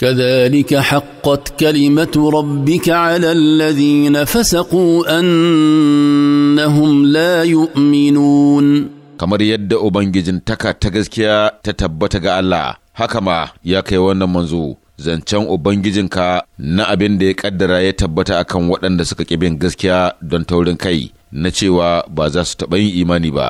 كذلك حقت كلمه ربك على الذين فسقوا انهم لا يؤمنون kamar yadda ubangijin taka ta gaskiya ta tabbata ga Allah haka ma ya kai wannan manzo zancen ubangijinka na abin da ya kaddara ya tabbata akan waɗanda suka ƙi bin gaskiya don taurin kai na cewa ba za su taɓa yin imani ba